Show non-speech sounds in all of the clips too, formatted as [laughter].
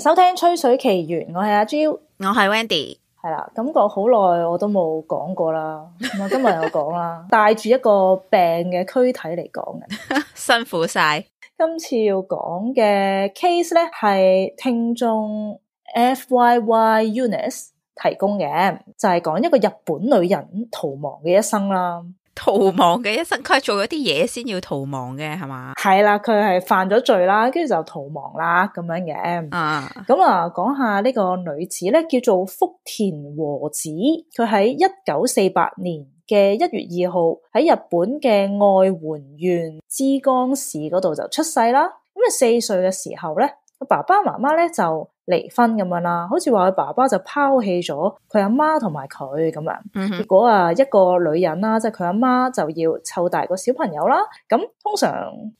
收聽《吹水奇緣》，我係阿 Jill，我係 Wendy，係啦，感覺好耐我都冇講過啦，我今日又講啦， [laughs] 帶住一個病嘅軀體嚟講嘅， [laughs] 辛苦晒了。今次要講嘅 case 咧，係聽眾 F Y Y Unis 提供嘅，就係、是、講一個日本女人逃亡嘅一生啦。逃亡嘅一生，佢係做咗啲嘢先要逃亡嘅，係嘛？係啦，佢係犯咗罪啦，跟住就逃亡啦，咁樣嘅。啊，咁啊，講下呢個女子咧，叫做福田和子，佢喺一九四八年嘅一月二號喺日本嘅愛媛縣枝江市嗰度就出世啦。咁啊，四歲嘅時候咧，個爸爸媽媽咧就。離婚咁樣啦，好似話佢爸爸就拋棄咗佢阿媽同埋佢咁樣，嗯、哼結果啊，一個女人啦，即係佢阿媽就要湊大個小朋友啦。咁通常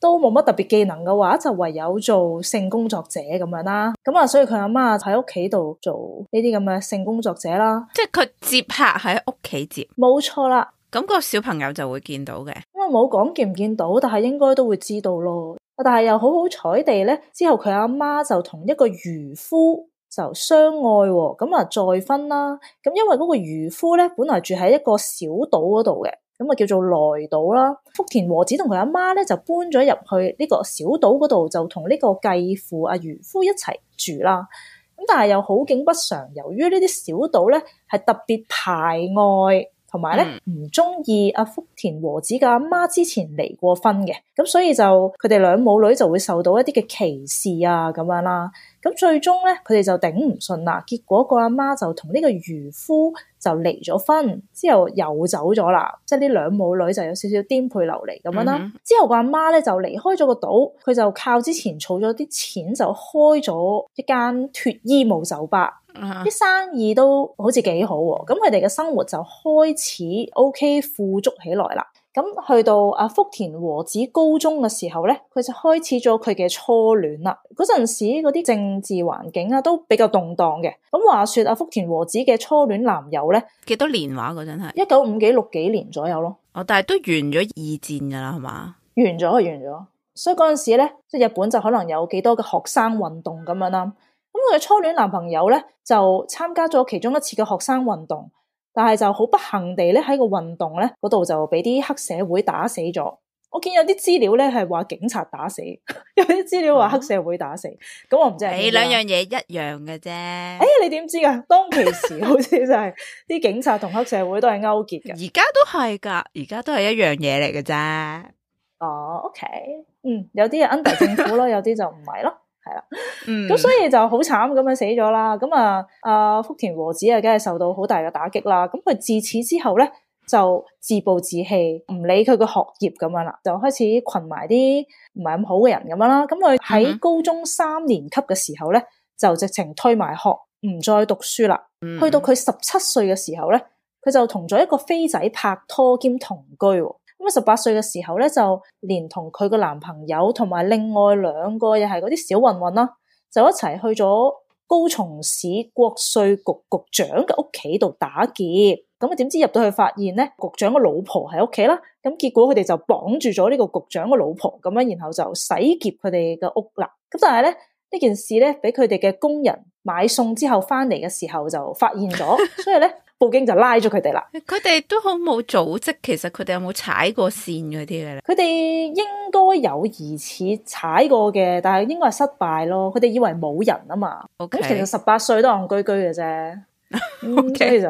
都冇乜特別技能嘅話，就唯有做性工作者咁樣啦。咁啊，所以佢阿媽喺屋企度做呢啲咁嘅性工作者啦。即係佢接客喺屋企接，冇錯啦。咁個小朋友就會見到嘅。都冇講見唔見到，但係應該都會知道咯。但係又好好彩地咧，之後佢阿媽就同一個漁夫就相愛，咁啊再婚啦。咁因為嗰個漁夫咧，本嚟住喺一個小島嗰度嘅，咁啊叫做來島啦。福田和子同佢阿媽咧就搬咗入去呢個小島嗰度，就同呢個繼父阿、啊、漁夫一齊住啦。咁但係又好景不常，由於呢啲小島咧係特別排外。同埋咧，唔中意阿福田和子嘅阿媽之前離過婚嘅，咁所以就佢哋兩母女就會受到一啲嘅歧視啊，咁樣啦。咁最終咧，佢哋就頂唔順啦。結果個阿媽就同呢個漁夫就離咗婚，之後又走咗啦。即係呢兩母女就有少少顛沛流離咁樣啦。之後個阿媽咧就離開咗個島，佢就靠之前儲咗啲錢就開咗一間脫衣舞酒吧，啲生意都好似幾好喎。咁佢哋嘅生活就開始 OK，富足起來啦。咁去到阿福田和子高中嘅時候咧，佢就開始咗佢嘅初戀啦。嗰陣時嗰啲政治環境啊都比較動盪嘅。咁話說阿福田和子嘅初戀男友咧，幾多年話？嗰陣係一九五幾六幾年左右咯。哦，但係都完咗二戰噶啦，係嘛？完咗，係完咗，所以嗰陣時咧，即係日本就可能有幾多嘅學生運動咁樣啦。咁佢嘅初戀男朋友咧就參加咗其中一次嘅學生運動。但係就好不幸地咧，喺個運動咧嗰度就俾啲黑社會打死咗。我見有啲資料咧係話警察打死， [laughs] 有啲資料話黑社會打死。咁、嗯、我唔知係、欸。你兩樣嘢一樣嘅啫。誒，你點知噶？當其時好似就係、是、啲 [laughs] 警察同黑社會都係勾結嘅。而家都係噶，而家都係一樣嘢嚟嘅啫。哦，OK，嗯，有啲係 under 政府咯，有啲就唔係咯。 [laughs] 係啦，咁、嗯、 [laughs] 所以就好慘咁樣死咗啦。咁啊，阿、啊、福田和子啊，梗係受到好大嘅打擊啦。咁佢自此之後咧，就自暴自棄，唔理佢個學業咁樣啦，就開始群埋啲唔係咁好嘅人咁樣啦。咁佢喺高中三年級嘅時候咧，就直情推埋學，唔再讀書啦。去到佢十七歲嘅時候咧，佢就同咗一個飛仔拍拖兼同居喎。咁啊，十八歲嘅時候咧，就連同佢個男朋友同埋另外兩個又係嗰啲小混混啦，就一齊去咗高松市國稅局局長嘅屋企度打劫。咁啊，點知入到去發現咧，局長嘅老婆喺屋企啦。咁結果佢哋就綁住咗呢個局長嘅老婆，咁樣然後就洗劫佢哋嘅屋啦。咁但係咧。呢件事咧，俾佢哋嘅工人買餸之後翻嚟嘅時候就發現咗， [laughs] 所以咧報警就拉咗佢哋啦。佢哋都好冇組織，其實佢哋有冇踩過線嗰啲嘅咧？佢哋應該有疑似踩過嘅，但係應該係失敗咯。佢哋以為冇人啊嘛，咁 Okay. 其實十八歲都戇居居嘅啫，嗯、Okay. 所以就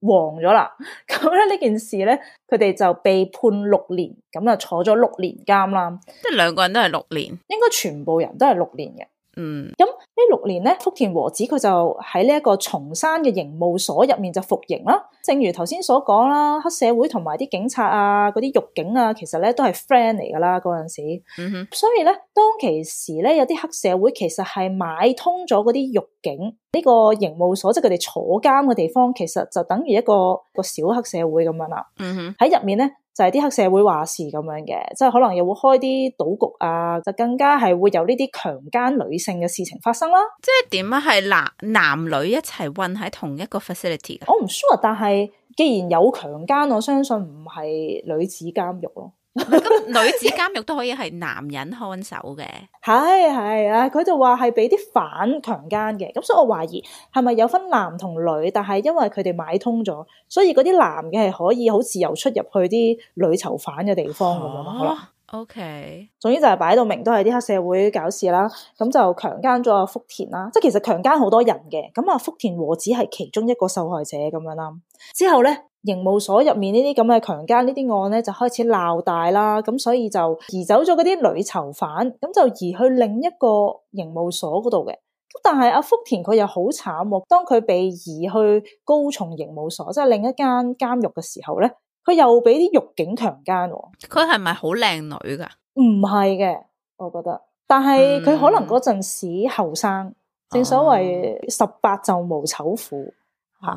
黃咗啦。咁咧呢件事咧，佢哋就被判六年，咁啊坐咗六年監啦。即係兩個人都係六年，應該全部人都係六年嘅。嗯，咁呢六年咧，福田和子佢就喺呢一個松山嘅刑務所入面就服刑啦。正如頭先所講啦，黑社會同埋啲警察啊，嗰啲獄警啊，其實咧都係 friend 嚟噶啦嗰陣時。嗯哼，所以咧當其時咧，有啲黑社會其實係買通咗嗰啲獄警，呢個刑務所即係佢哋坐監嘅地方，其實就等於一個一個小黑社會咁樣啦。嗯哼，喺入面咧。就係啲黑社會話事咁樣嘅，即係可能又會開啲賭局啊，就更加係會有呢啲強姦女性嘅事情發生啦。即係點啊？係男男女一齊混喺同一個 facility。我唔 sure，但係既然有強姦，我相信唔係女子監獄咯。 [laughs] 女子監獄都可以係男人看守嘅。係係啊，佢就話係俾啲反強姦嘅，咁所以我懷疑係咪有分男同女，但係因為佢哋買通咗，所以嗰啲男嘅係可以好自由出入去啲女囚犯嘅地方咁樣咯。好喇，OK，總之就係擺到明都係啲黑社會搞事啦，咁就強姦咗阿福田啦，即係其實強姦好多人嘅，咁啊福田和子係其中一個受害者咁樣啦。之後咧，刑務所入面呢啲咁嘅強姦呢啲案咧，就開始鬧大啦。咁所以就移走咗嗰啲女囚犯，咁就移去另一個刑務所嗰度嘅。咁但係阿、啊、福田佢又好慘、哦，當佢被移去高松刑務所，即、就、係、是、另一間監獄嘅時候咧，佢又俾啲獄警強姦、哦。佢係咪好靚女噶？唔係嘅，我覺得。但係佢可能嗰陣時後生，嗯、正所謂十八就無醜婦。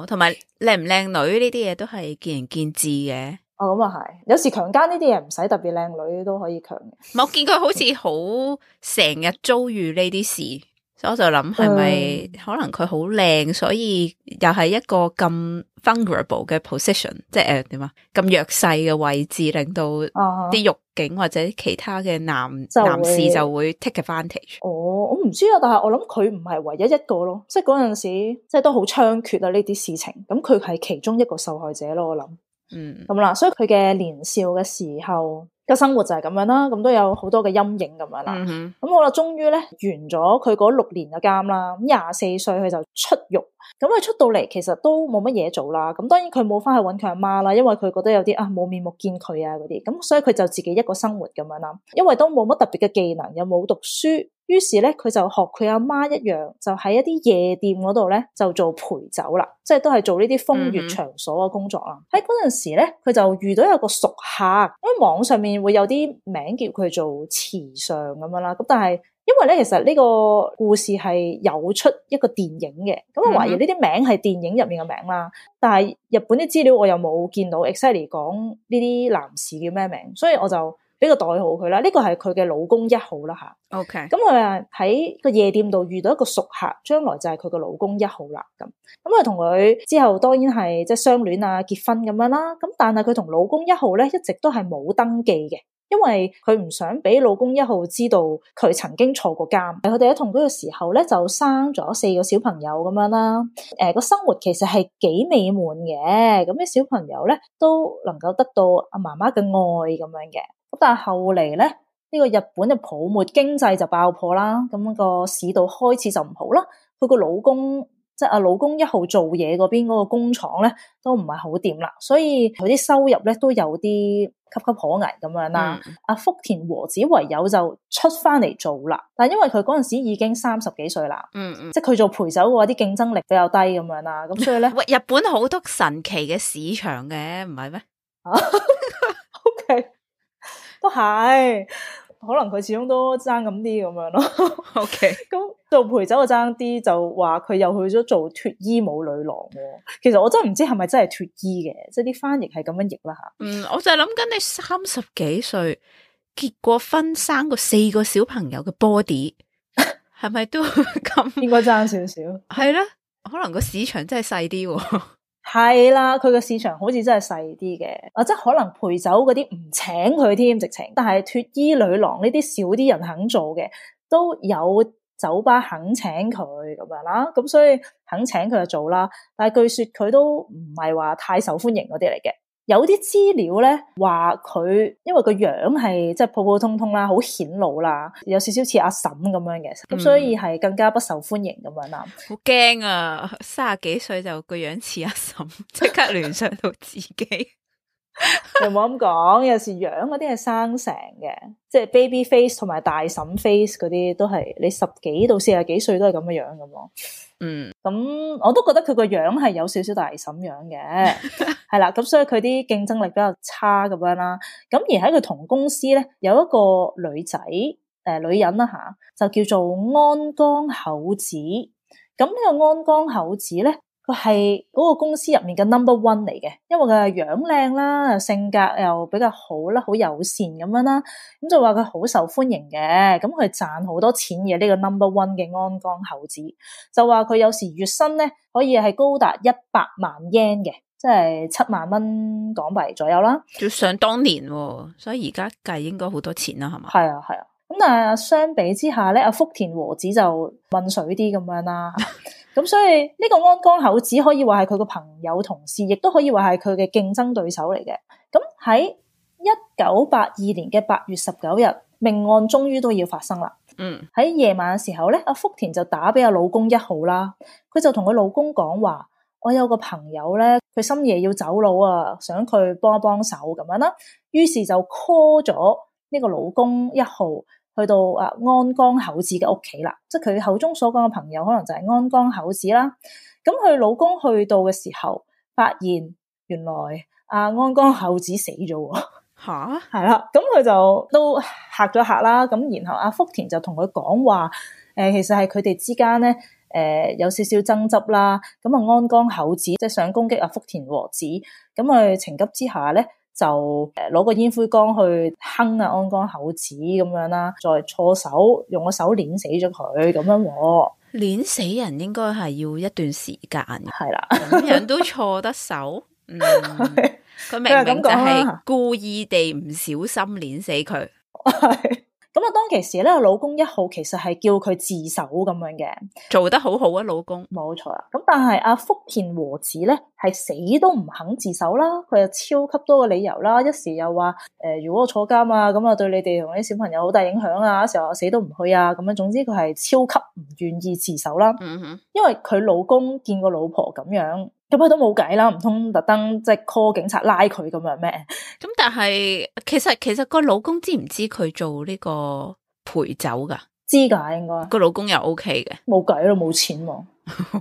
同埋靚唔靚女呢啲嘢都係見仁見智嘅。哦，咁啊係，有時強姦呢啲嘢唔使特別靚女都可以強嘅。 [laughs] 我見佢好似好成日遭遇呢啲事。所以我就諗係咪可能佢好靚，um, 所以又係一個咁 vulnerable 嘅 position，即係誒點啊，咁、呃、弱勢嘅位置，令到啲獄警或者其他嘅男、uh, 男士就會 take advantage。哦，uh, 我唔知啊，但係我諗佢唔係唯一一個咯，即係嗰陣時即係、就是、都好猖獗，啊呢啲事情，咁佢係其中一個受害者咯，我諗。嗯，咁啦，所以佢嘅年少嘅時候。生活就係咁樣啦，咁都有好多嘅陰影咁樣啦，咁好啦，終於咧完咗佢嗰六年嘅監啦，咁廿四歲，佢就出獄。咁佢出到嚟，其實都冇乜嘢做啦。咁當然佢冇翻去揾佢阿媽啦，因為佢覺得有啲啊冇面目見佢啊嗰啲。咁所以佢就自己一個生活咁樣啦。因為都冇乜特別嘅技能，又冇讀書，於是咧佢就學佢阿媽一樣，就喺一啲夜店嗰度咧就做陪酒啦，即係都係做呢啲風月場所嘅工作啦。喺嗰陣時咧，佢就遇到有個熟客，因為網上面會有啲名叫佢做慈祥咁樣啦。咁但係。因為咧，其實呢個故事係有出一個電影嘅，咁我懷疑呢啲名係電影入面嘅名啦。但係日本啲資料我又冇見到，exactly 講呢啲男士叫咩名，所以我就俾個代號佢啦。呢個係佢嘅老公一號啦，吓 Okay、嗯。OK，咁佢喺個夜店度遇到一個熟客，將來就係佢嘅老公一號啦。咁咁佢同佢之後當然係即係相戀啊，結婚咁樣啦。咁但係佢同老公一號咧一直都係冇登記嘅。因為佢唔想俾老公一號知道佢曾經坐過監，佢哋喺同居嘅時候咧就生咗四個小朋友咁樣啦。誒、呃，個生活其實係幾美滿嘅，咁啲小朋友咧都能夠得到阿媽媽嘅愛咁樣嘅。咁但係後嚟咧呢、呢個日本嘅泡沫經濟就爆破啦，咁、個市道開始就唔好啦。佢個老公。即係阿老公一號做嘢嗰邊嗰個工廠咧，都唔係好掂啦，所以佢啲收入咧都有啲岌岌可危咁樣啦。阿、嗯、福田和子唯有就出翻嚟做啦，但係因為佢嗰陣時已經三十幾歲啦，嗯嗯，即係佢做陪酒嘅話，啲競爭力比較低咁樣啦，咁所以咧，喂，日本好多神奇嘅市場嘅，唔係咩？O K，都係。可能佢始終都爭咁啲咁樣咯。 [laughs] OK，咁做陪酒就爭啲，就話佢又去咗做脫衣舞女郎。其實我真係唔知係咪真係脫衣嘅，即係啲翻譯係咁樣譯啦吓。嗯，我就係諗緊你三十幾歲結過婚，生過四個小朋友嘅 body，係咪都咁？ [laughs] 應該爭少少。係啦， [laughs] [laughs] [laughs] [laughs] [laughs] [laughs] 可能個市場真係細啲。 [laughs] 係啦，佢個市場好似真係細啲嘅，啊，即係可能陪酒嗰啲唔請佢添，直情。但係脫衣女郎呢啲少啲人肯做嘅，都有酒吧肯請佢咁樣啦，咁所以肯請佢就做啦。但係據說佢都唔係話太受歡迎嗰啲嚟嘅。有啲資料咧話佢，因為個樣係即係普普通通啦，好顯老啦，有少少似阿嬸咁樣嘅，咁、嗯、所以係更加不受歡迎咁樣啦。好驚啊！三十幾歲就個樣似阿嬸，即刻聯想到自己。又冇咁講，有時樣嗰啲係生成嘅，即係 baby face 同埋大嬸 face 嗰啲都係你十幾到四十幾歲都係咁嘅樣嘅嘛。嗯，咁我都覺得佢個樣係有少少大嬸樣嘅，係啦， [laughs] 咁所以佢啲競爭力比較差咁樣啦。咁而喺佢同公司咧有一個女仔，誒、呃、女人啦、啊、吓，就叫做安江口子。咁呢個安江口子咧。係嗰個公司入面嘅 number one 嚟嘅，因為佢係樣靚啦，性格又比較好啦，好友善咁樣啦，咁就話佢好受歡迎嘅，咁佢賺好多錢嘅呢、這個 number one 嘅安江猴子，就話佢有時月薪咧可以係高達一百萬 yen 嘅，即係七萬蚊港幣左右啦。要想當年，啊，所以而家計應該好多錢啦，係嘛？係啊係啊，咁、啊、但係相比之下咧，阿福田和子就混水啲咁樣啦。 [laughs] 咁所以呢個安江口只可以話係佢個朋友同事，亦都可以話係佢嘅競爭對手嚟嘅。咁喺一九八二年嘅八月十九日，命案終於都要發生啦。嗯，喺夜晚嘅時候咧，阿福田就打俾阿老公一號啦。佢就同佢老公講話：我有個朋友咧，佢深夜要走佬啊，想佢幫一幫手咁樣啦。於是就 call 咗呢個老公一號。去到啊安江口子嘅屋企啦，即係佢口中所講嘅朋友，可能就係安江口子啦。咁佢老公去到嘅時候，發現原來阿安江口子死咗。吓蛤，係啦。 [laughs] 咁佢就都吓咗吓啦。咁然後阿福田就同佢講話，誒、呃，其實係佢哋之間咧，誒、呃，有少少爭執啦。咁啊，安江口子即係想攻擊阿福田和子，咁啊，情急之下咧。就攞個煙灰缸去哼啊，安江口子咁樣啦，再錯手用個手碾死咗佢咁樣，碾死人應該係要一段時間。係啦是的，咁樣 [laughs] 都錯得手，佢、嗯、的明明就係故意地唔小心碾死佢。是的 [laughs] 咁啊，當其時咧，老公一號其實係叫佢自首咁樣嘅，做得好好啊！老公，冇錯啦。咁但係阿、啊、福田和子咧，係死都唔肯自首啦。佢有超級多嘅理由啦，一時又話誒、呃，如果我坐監啊，咁啊，對你哋同啲小朋友好大影響啊，成日話死都唔去啊。咁樣，總之佢係超級唔願意自首啦。嗯哼，因為佢老公見個老婆咁樣。咁佢都冇計啦，唔通特登即係 call 警察拉佢咁樣咩？咁但係其實其實個老公知唔知佢做呢個陪酒噶？知噶應該個老公又 OK 嘅，冇計咯，冇錢喎。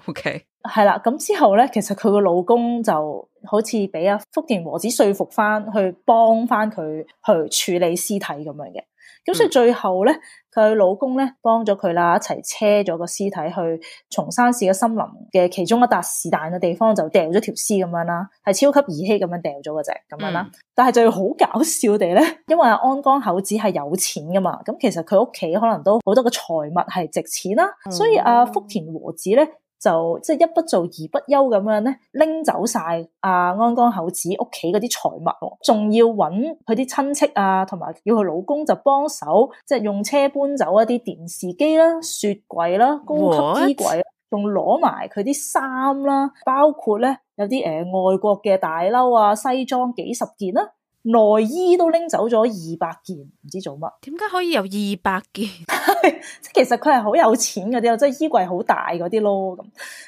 OK 係啦，咁之後咧，其實佢個老公就好似俾阿福田和子說服翻，去幫翻佢去處理屍體咁樣嘅。咁、嗯、所以最後咧，佢老公咧幫咗佢啦，一齊車咗個屍體去松山市嘅森林嘅其中一笪是但嘅地方就，就掉咗條屍咁樣啦，係超級兒戲咁樣掉咗嘅啫，咁樣啦。嗯、但係就係好搞笑地咧，因為安江口子係有錢噶嘛，咁其實佢屋企可能都好多嘅財物係值錢啦，所以阿、啊、福田和子咧。就即係一不做二不休咁樣咧，拎走晒、啊、阿安江口子屋企嗰啲財物，仲要搵佢啲親戚啊，同埋叫佢老公就幫手，即係用車搬走一啲電視機啦、啊、雪櫃啦、啊、高級衣櫃、啊，仲攞埋佢啲衫啦，包括咧有啲誒、呃、外國嘅大褸啊、西裝幾十件啦、啊。內衣都拎走咗二百件，唔知做乜？點解可以有二百件？即係 [laughs] 其實佢係好有錢嗰啲即係衣櫃好大嗰啲咯。咁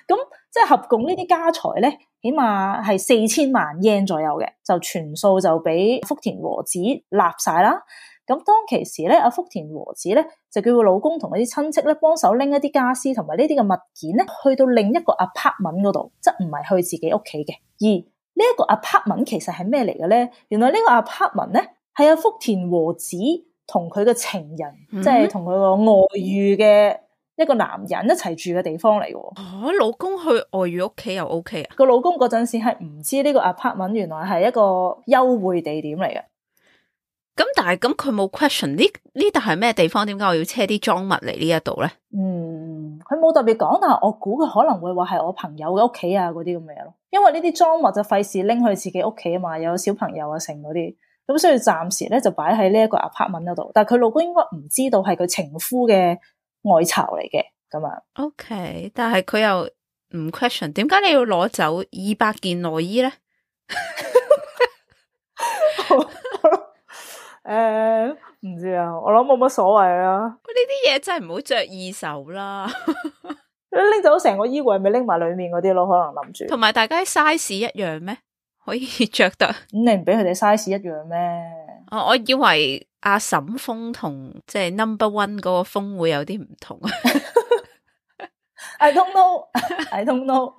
咁即係合共呢啲家財咧，起碼係四千萬 yen 左右嘅,就全數就俾福田和子納晒。啦咁當其時咧，阿福田和子咧就叫佢老公同佢啲親戚咧幫手拎一啲家私同埋呢啲嘅物件咧，去到另一個 apartment 嗰度，即係唔係去自己屋企嘅二。呢一個 apartment 其實係咩嚟嘅咧？原來呢個 apartment 咧係阿福田和子同佢嘅情人，嗯、呢即係同佢個外遇嘅一個男人一齊住嘅地方嚟嘅。哦，老公去外遇屋企又 OK 啊？個老公嗰陣時係唔知呢個 apartment 原來係一個幽會地點嚟嘅。咁但係咁佢冇 question 呢，呢度係咩地方？點解我要車啲贓物嚟呢一度咧？嗯。佢冇特別講，但係我估佢可能會話係我朋友嘅屋企啊，嗰啲咁嘅嘢咯。因為呢啲裝或者費事拎去自己屋企啊嘛，有小朋友啊，成嗰啲，咁所以暫時咧就擺喺呢一個 apartment 度。但係佢老公應該唔知道係佢情夫嘅外巢嚟嘅咁啊。OK，但係佢又唔 question，點解你要攞走二百件內衣咧？誒、 [laughs] [laughs] [laughs] uh。唔知啊，我諗冇乜所謂啦。呢啲嘢真係唔好着二手啦。你拎走成個衣櫃，咪拎埋裏面嗰啲咯，可能諗住。同埋大家 size 一樣咩？可以着得。咁你唔俾佢哋 size 一樣咩？哦，我以為阿沈峰同即係 number one 嗰個峰會有啲唔同啊。I don't know. I don't know.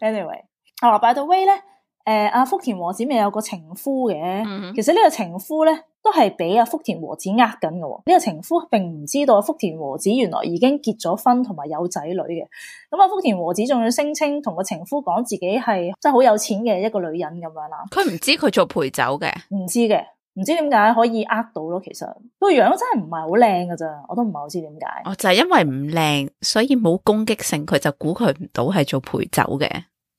Anyway，好，by the way 咧。誒，阿、哎、福田和子咪有個情夫嘅，嗯、哼其實呢個情夫咧都係俾阿福田和子呃緊嘅。呢、這個情夫並唔知道福田和子原來已經結咗婚，同埋有仔女嘅。咁阿福田和子仲要聲稱同個情夫講自己係真係好有錢嘅一個女人咁樣啦。佢唔、嗯、哼知佢做陪酒嘅，唔知嘅，唔知點解可以呃到咯。其實個樣真係唔係好靚㗎咋，我都唔係好知點解。哦，就係因為唔靚，所以冇攻擊性，佢就估佢唔到係做陪酒嘅。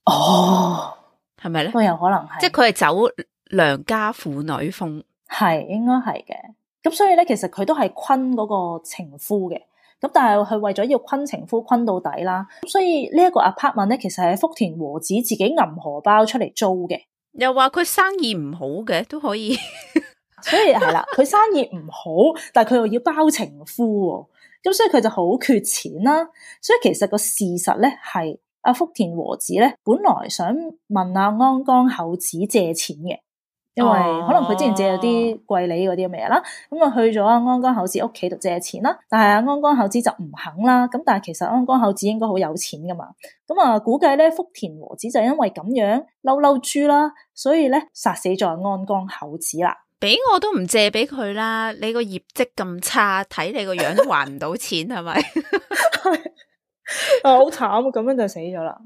哦。係咪咧？都有可能係，即係佢係走良家婦女風，係應該係嘅。咁所以咧，其實佢都係坤嗰個情夫嘅。咁但係佢為咗要坤情夫坤到底啦，所以呢一個 apartment 咧，其實係福田和子自己揞荷包出嚟租嘅。又話佢生意唔好嘅都可以， [laughs] 所以係啦，佢生意唔好，但係佢又要包情夫喎，咁所以佢就好缺錢啦。所以其實個事實咧係。阿福田和子咧，本來想問阿安岡厚子借錢嘅，因為可能佢之前借咗啲貴利嗰啲咩啦，咁啊、哦、去咗阿安岡厚子屋企度借錢啦，但係阿安岡厚子就唔肯啦。咁但係其實安岡厚子應該好有錢噶嘛，咁、嗯、啊估計咧福田和子就因為咁樣嬲嬲豬啦，所以咧殺死咗安岡厚子啦。俾我都唔借俾佢啦，你個業績咁差，睇你個樣都還唔到錢係咪？ [laughs] [laughs] [laughs] 啊，好慘啊！咁樣就死咗啦。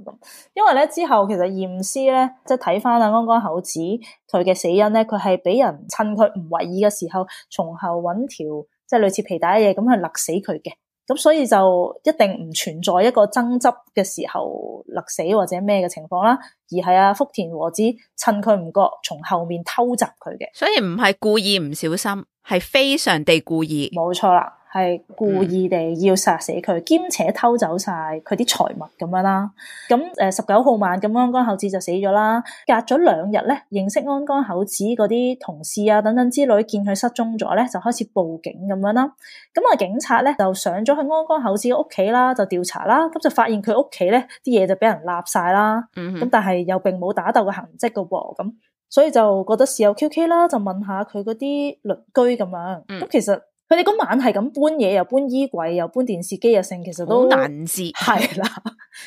因為咧之後，其實驗屍咧，即係睇翻阿安岡口子佢嘅死因咧，佢係俾人趁佢唔為意嘅時候，從後揾條即係類似皮帶嘅嘢，咁去勒死佢嘅。咁所以就一定唔存在一個爭執嘅時候勒死或者咩嘅情況啦。而係啊福田和子趁佢唔覺，從後面偷襲佢嘅。所以唔係故意唔小心，係非常地故意。冇錯啦。係故意地要殺死佢，兼且偷走晒佢啲財物咁樣啦。咁誒，十九號晚咁安江口子就死咗啦。隔咗兩日咧，認識安江口子嗰啲同事啊等等之類，見佢失蹤咗咧，就開始報警咁樣啦。咁啊，警察咧就上咗去安江口子屋企啦，就調查啦。咁就發現佢屋企咧啲嘢，就俾人立晒啦。咁、mm hmm. 但係又並冇打鬥嘅痕迹嘅喎。咁所以就覺得事有 Q K 啦，就問下佢嗰啲鄰居咁樣。咁、mm hmm. 其實。佢哋嗰晚係咁搬嘢，又搬衣櫃，又搬電視機，又成其實都好難事，係 [laughs] 啦。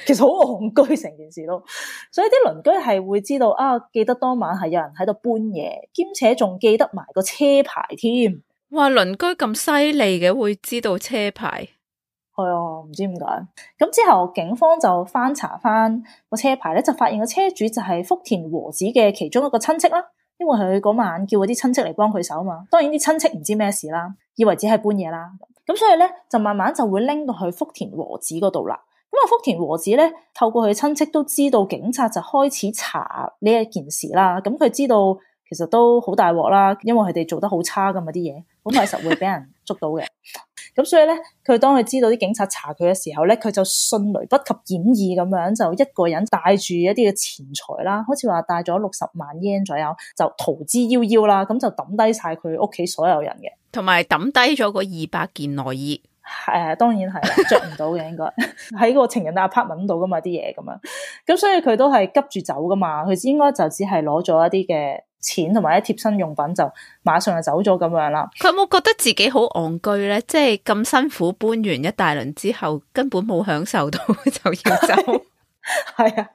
其實好戇居成件事咯。所以啲鄰居係會知道啊，記得當晚係有人喺度搬嘢，兼且仲記得埋個車牌添。牌哇！鄰居咁犀利嘅，會知道車牌，係啊？唔知點解咁之後，警方就翻查翻個車牌咧，就發現個車主就係福田和子嘅其中一個親戚啦。因為佢嗰晚叫嗰啲親戚嚟幫佢手啊嘛。當然啲親戚唔知咩事啦。以為只係搬嘢啦，咁所以咧就慢慢就會拎到去福田和子嗰度啦。咁啊，福田和子咧透過佢親戚都知道警察就開始查呢一件事啦。咁佢知道。其實都好大鑊啦，因為佢哋做得好差噶嘛啲嘢，咁係實會俾人捉到嘅。咁 [laughs] 所以咧，佢當佢知道啲警察查佢嘅時候咧，佢就迅雷不及掩耳咁樣，就一個人帶住一啲嘅錢財啦，好似話帶咗六十萬 yen 左右，就逃之夭夭啦。咁就抌低晒佢屋企所有人嘅，同埋抌低咗個二百件內衣。誒、 [laughs] 啊，當然係啦、啊，捉唔到嘅應該喺 [laughs] [laughs] 個情人阿 partment 噶嘛啲嘢咁樣。咁所以佢都係急住走噶嘛，佢應該就只係攞咗一啲嘅。錢同埋一貼身用品就馬上就走咗咁樣啦。佢有冇覺得自己好戇居咧？即係咁辛苦搬完一大輪之後，根本冇享受到就要走。係啊，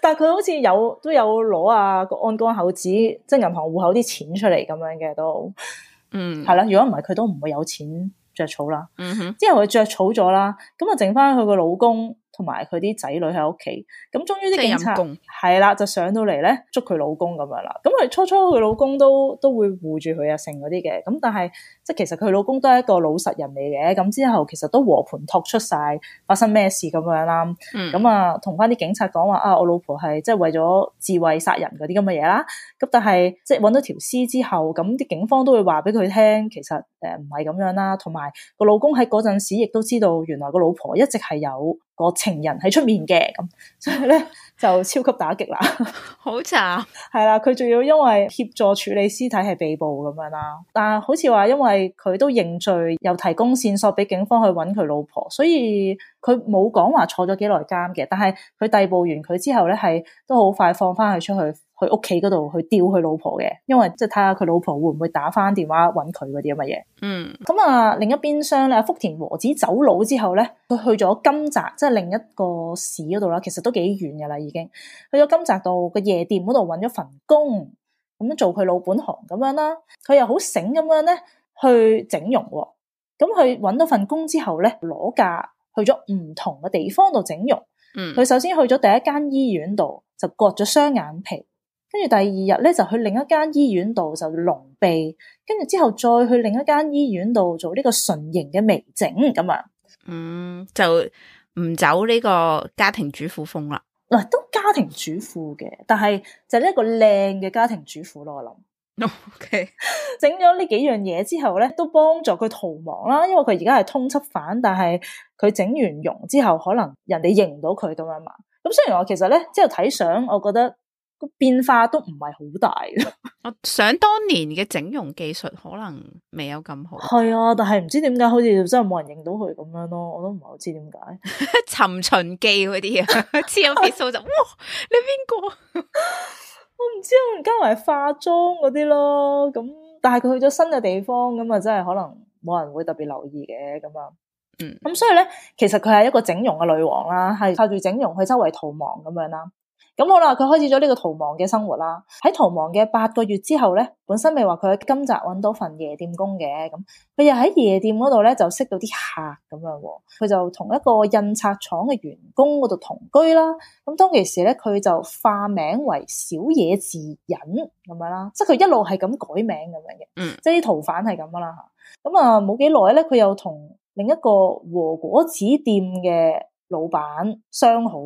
但係佢好似有都有攞啊個按金口子即係銀行戶口啲錢出嚟咁樣嘅、嗯、都，嗯係啦。如果唔係佢都唔會有錢着草啦。嗯哼，之後佢着草咗啦，咁啊剩翻佢個老公，同埋佢啲仔女喺屋企，咁終於啲警察係啦，就上到嚟咧捉佢老公咁樣啦。咁佢初初佢老公都都會護住佢啊，剩嗰啲嘅。咁但係即係其實佢老公都係一個老實人嚟嘅。咁之後其實都和盤托出晒，發生咩事咁樣啦。咁、嗯、啊，同翻啲警察講話啊，我老婆係即係為咗自衞殺人嗰啲咁嘅嘢啦。咁但係即係揾到條屍之後，咁啲警方都會話俾佢聽，其實誒唔係咁樣啦。同埋個老公喺嗰陣時亦都知道，原來個老婆一直係有個情人喺出面嘅，咁，所以咧就超級打擊啦，好 [laughs] 慘係啦。佢仲要因為協助處理屍體係被捕咁樣啦，但係好似話因為佢都認罪，又提供線索俾警方去揾佢老婆，所以佢冇講話坐咗幾耐監嘅。但係佢逮捕完佢之後咧，係都好快放翻佢出去。去屋企嗰度去吊佢老婆嘅，因為即係睇下佢老婆會唔會打翻電話揾佢嗰啲咁嘅嘢。嗯，咁啊另一邊廂咧，福田和子走佬之後咧，佢去咗金澤，即係另一個市嗰度啦，其實都幾遠噶啦，已經去咗金澤度嘅夜店嗰度揾咗份工，咁樣做佢老本行咁樣啦。佢又好醒咁樣咧去整容，咁佢揾到份工之後咧，攞假去咗唔同嘅地方度整容。嗯，佢首先去咗第一間醫院度就割咗雙眼皮。跟住第二日咧，就去另一間醫院度就隆鼻，跟住之後再去另一間醫院度做呢個唇形嘅微整咁樣啊，嗯，就唔走呢個家庭主婦風啦，嗱，啊，都家庭主婦嘅，但係就係一個靚嘅家庭主婦咯，我諗，O K，整咗呢幾樣嘢之後咧，都幫助佢逃亡啦，因為佢而家係通緝犯，但係佢整完容之後，可能人哋認唔到佢咁樣嘛，咁雖然我其實咧，之後睇相，我覺得。個變化都唔係好大咯。 [laughs] 我想當年嘅整容技術可能未有咁好。係 [laughs] 啊，但係唔知點解好似真係冇人認到佢咁樣咯。我都唔係好知點解。尋秦記嗰啲啊，似 [laughs] 有別墅就哇、 [laughs] 哦，你邊個？ [laughs] [laughs] 我唔知，加埋化妝嗰啲咯。咁但係佢去咗新嘅地方，咁啊真係可能冇人會特別留意嘅。咁啊，嗯。咁所以咧，其實佢係一個整容嘅女王啦，係靠住整容去周圍逃，逃亡咁樣啦。咁好啦，佢開始咗呢個逃亡嘅生活啦。喺逃亡嘅八個月之後咧，本身咪話佢喺金澤揾到份夜店工嘅，咁佢又喺夜店嗰度咧就識到啲客咁樣，佢就同一個印刷廠嘅員工嗰度同居啦。咁當其時咧，佢就化名為小野治忍咁樣啦，即係佢一路係咁改名咁樣嘅，嗯，即係啲逃犯係咁啦。咁啊，冇幾耐咧，佢又同另一個和菓子店嘅老闆相好，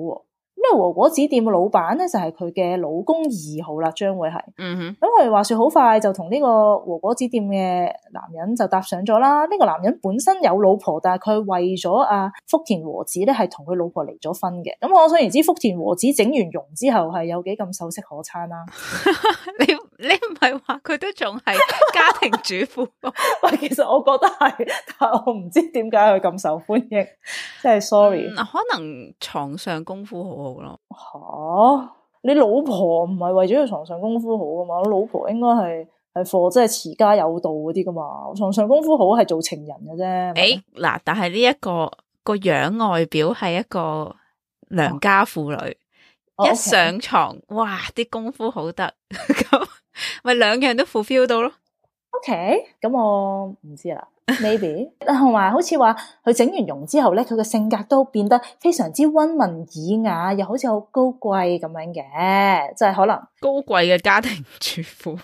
因為和果子店嘅老闆咧就係佢嘅老公二號啦，將會係，咁我哋話說好快就同呢個和果子店嘅男人就搭上咗啦。呢、呢個男人本身有老婆，但係佢為咗阿福田和子咧係同佢老婆離咗婚嘅。咁可想而知，福田和子整，嗯，完容之後係有幾咁秀色可餐啦，啊。 [laughs] 你你唔係話佢都仲係家庭主婦喎？ [laughs] 其實我覺得係，但係我唔知點解佢咁受歡迎。即係 sorry，、嗯、可能床上功夫好好咯。吓，你老婆唔係為咗佢床上功夫好噶嘛？我老婆應該係係貨，即係持家有道嗰啲噶嘛。床上功夫好係做情人嘅啫。誒、欸，嗱，但係呢、這個、一個個樣外表係一個良家婦女，啊、一上床、啊 okay. 哇，啲功夫好得 [laughs] 咪兩樣都 feel 到咯，OK，咁、嗯、我唔知啦，maybe 同埋 [laughs] 好似話佢整完容之後咧，佢嘅性格都變得非常之溫文爾雅，又好似好高貴咁樣嘅，即、就、係、是、可能高貴嘅家庭主婦。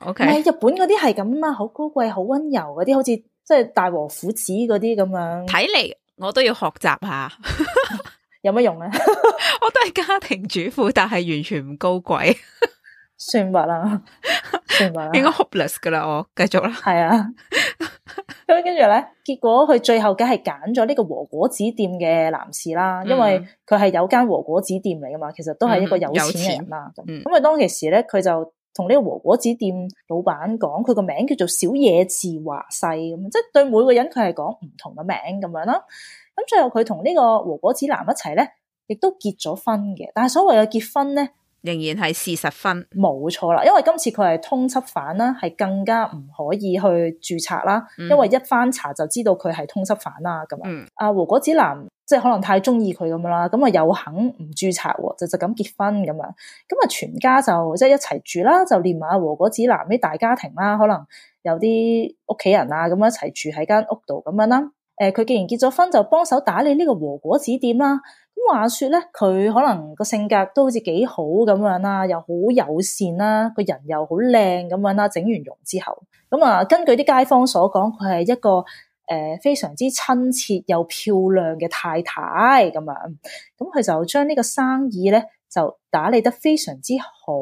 OK，日本嗰啲係咁啊，好高貴，好溫柔嗰啲，好似即係大和撫子嗰啲咁樣。睇嚟我都要學習下， [laughs] [laughs] 有乜用啊？ [laughs] [laughs] 我都係家庭主婦，但係完全唔高貴。 [laughs] 算白啦，算白啦， [laughs] 應該 hopeless 噶啦，我繼續啦。係啊，咁跟住咧，結果佢最後梗係揀咗呢個和果子店嘅男士啦，嗯、因為佢係有間和果子店嚟噶嘛，其實都係一個有錢嘅人啦。咁咁佢當其時咧，佢就同呢個和果子店老闆講，佢個名叫做小野治華世，咁即係對每個人佢係講唔同嘅名咁樣啦。咁最後佢同呢個和果子男一齊咧，亦都結咗婚嘅，但係所謂嘅結婚咧。仍然係事實分，冇錯啦。因為今次佢係通緝犯啦，係更加唔可以去註冊啦。因為一翻查，就知道佢係通緝犯啦。咁、嗯、啊，阿和果子男即係可能太中意佢咁樣啦，咁啊又肯唔註冊，就就咁結婚咁樣，咁啊全家就即係一齊住啦，就連埋阿和果子男啲大家庭啦，可能有啲屋企人啊咁一齊住喺間屋度咁樣啦。誒、呃，佢既然結咗婚，就幫手打理呢個和果子店啦。咁話說咧，佢可能個性格都好似幾好咁樣啦，又好友善啦，個人又好靚咁樣啦，整完容之後，咁啊，根據啲街坊所講，佢係一個誒非常之親切又漂亮嘅太太咁樣，咁佢就將呢個生意咧。就打理得非常之好。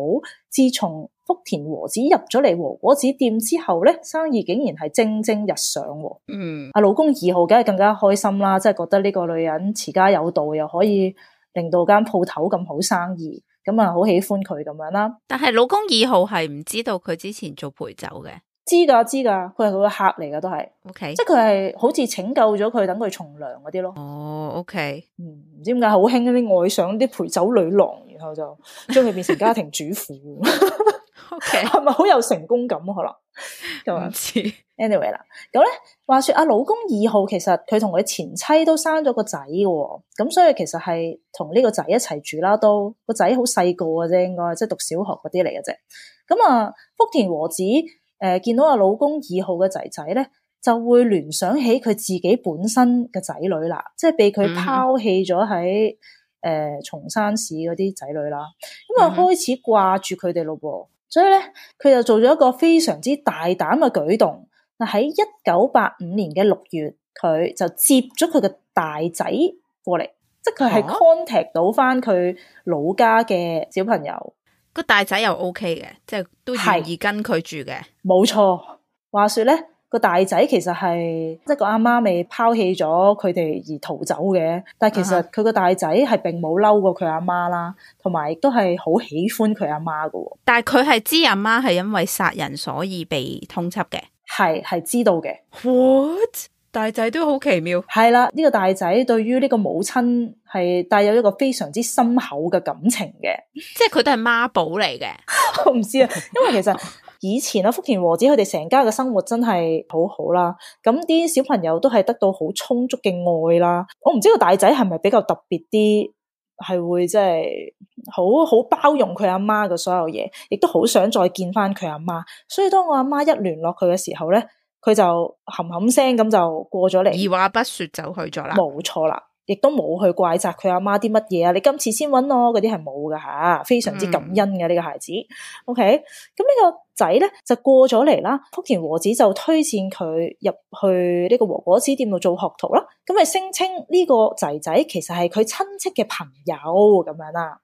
自從福田和子入咗嚟和果子店之後咧，生意竟然係蒸蒸日上。嗯，阿老公二號梗係更加開心啦，即係覺得呢個女人持家有道，又可以令到間鋪頭咁好生意，咁啊好喜歡佢咁樣啦。但係老公二號係唔知道佢之前做陪酒嘅。知噶知噶，佢係佢嘅客嚟噶，都係。OK，即係佢係好似拯救咗佢，等佢從良嗰啲咯。哦，O K，嗯，唔知點解好興啲愛上啲陪酒女郎，然後就將佢變成家庭主婦，係咪好有成功感啊？可能咁啊，唔知。Anyway 啦，咁咧話説阿老公二號，其實佢同佢前妻都生咗個仔嘅，咁所以其實係同呢個仔一齊住啦，都個仔好細個嘅啫，應該即係讀小學嗰啲嚟嘅啫。咁啊，福田和子。誒、呃，見到阿老公二號嘅仔仔咧，就會聯想起佢自己本身嘅仔女啦，即係被佢拋棄咗喺誒松山市嗰啲仔女啦，咁啊開始掛住佢哋咯噃，所以咧佢就做咗一個非常之大膽嘅舉動。嗱，喺一九八五年嘅六月，佢就接咗佢嘅大仔過嚟，即係佢係 contact 到翻佢老家嘅小朋友。啊個大仔又 O K 嘅，即係都容易跟佢住嘅。冇錯，話說呢，個大仔其實係即係個阿媽未拋棄咗佢哋而逃走嘅，但係其實佢個大仔係並冇嬲過佢阿媽啦，同埋都係好喜歡佢阿媽噶。但係佢係知阿媽係因為殺人所以被通緝嘅，係係知道嘅。What？大仔都好奇妙，係啦，呢個大仔對於呢個母親係帶有一個非常之深厚嘅感情嘅，即係佢都係媽寶嚟嘅。 [laughs] 我唔知啊，因為其實以前啊，福田和子佢哋成家嘅生活真係好好啦。咁啲小朋友都係得到好充足嘅愛啦。我唔知道個大仔係咪比較特別啲，係會即係好好包容佢阿媽嘅所有嘢，亦都好想再見翻佢阿媽。所以當我阿媽一聯絡佢嘅時候咧，佢就冚冚聲咁就過咗嚟，二話不說就去咗啦，冇錯啦。亦都冇去怪責佢阿媽啲乜嘢啊，你今次先揾我嗰啲係冇噶吓，非常之感恩嘅，呢個孩子。OK，咁呢個仔呢，就過咗嚟啦。福田和子就推薦佢入去呢個和果子店度做學徒啦。咁咪聲稱呢個仔仔其實係佢親戚嘅朋友咁樣啦，啊。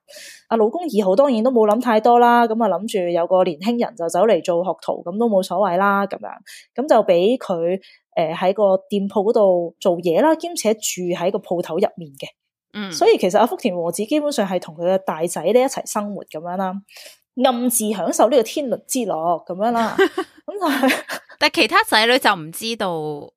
阿老公二號當然都冇諗太多啦。咁啊諗住有個年輕人就走嚟做學徒，咁都冇所謂啦。咁樣咁就俾佢。誒，喺個店鋪嗰度做嘢啦，兼且住喺個鋪頭入面嘅，嗯，所以其實阿福田和子基本上係同佢嘅大仔咧一齊生活咁樣啦，暗自享受呢個天倫之樂咁樣啦，咁但係，但其他仔女就唔知道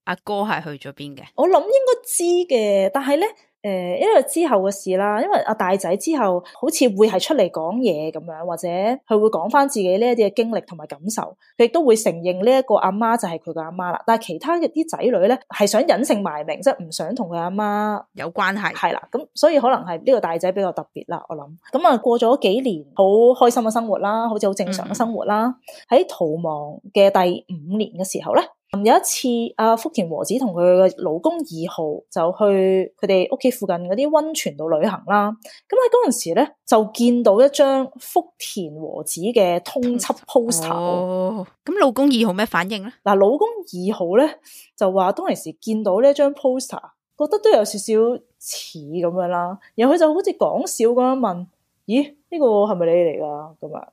阿哥係去咗邊嘅，我諗應該知嘅，但係咧。誒、呃，因為之後嘅事啦，因為阿大仔之後好似會係出嚟講嘢咁樣，或者佢會講翻自己呢一啲嘅經歷同埋感受，佢亦都會承認呢一個阿媽就係佢嘅阿媽啦。但係其他一啲仔女咧，係想隱姓埋名，即係唔想同佢阿媽有關係。係啦，咁所以可能係呢個大仔比較特別啦，我諗。咁啊，過咗幾年好開心嘅生活啦，好似好正常嘅生活啦。喺、嗯、逃亡嘅第五年嘅時候咧，有一次，阿福田和子同佢嘅老公二號就去佢哋屋企附近嗰啲温泉度旅行啦。咁喺嗰陣時咧，就見到一張福田和子嘅通緝 poster。咁、哦、老公二號咩反應咧？嗱，老公二號咧就話當時見到呢一張 poster，覺得都有少少似咁樣啦。然後佢就好似講笑咁樣問：咦？呢個係咪你嚟噶？咁啊，